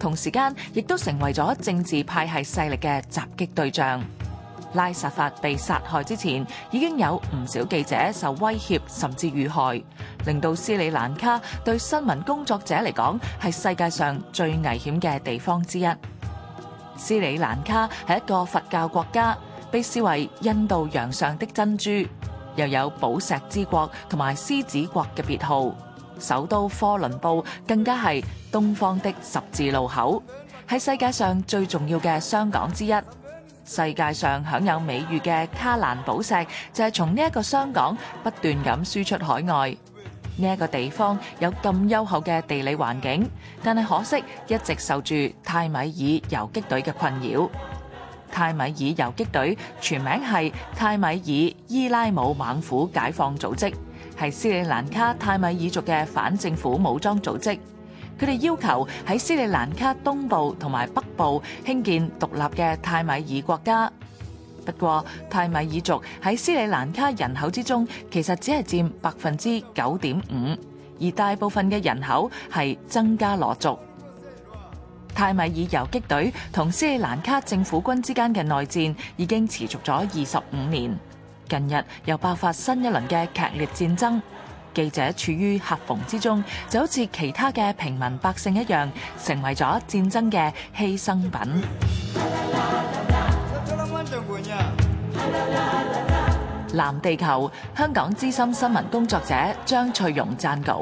同時間，亦都成為咗政治派系勢力嘅襲擊對象。拉薩法被殺害之前，已經有唔少記者受威脅，甚至遇害，令到斯里蘭卡對新聞工作者嚟講係世界上最危險嘅地方之一。斯里蘭卡係一個佛教國家，被視為印度洋上的珍珠，又有寶石之國同埋獅子國嘅別號。首都科倫布更加係東方的十字路口，係世界上最重要嘅商港之一。世界上享有美譽嘅卡蘭寶石就係從呢一個商港不斷咁輸出海外。呢一個地方有咁優厚嘅地理環境，但係可惜一直受住泰米爾游擊隊嘅困擾。泰米爾游擊隊全名係泰米爾伊拉姆猛虎解放組織。係斯里蘭卡泰米爾族嘅反政府武裝組織，佢哋要求喺斯里蘭卡東部同埋北部興建獨立嘅泰米爾國家。不過，泰米爾族喺斯里蘭卡人口之中，其實只係佔百分之九點五，而大部分嘅人口係僧伽羅族。泰米爾游擊隊同斯里蘭卡政府軍之間嘅內戰已經持續咗二十五年。近日又爆發新一輪嘅劇烈戰爭，記者處於夾縫之中，就好似其他嘅平民百姓一樣，成為咗戰爭嘅犧牲品。藍地球，香港資深新聞工作者張翠容撰稿。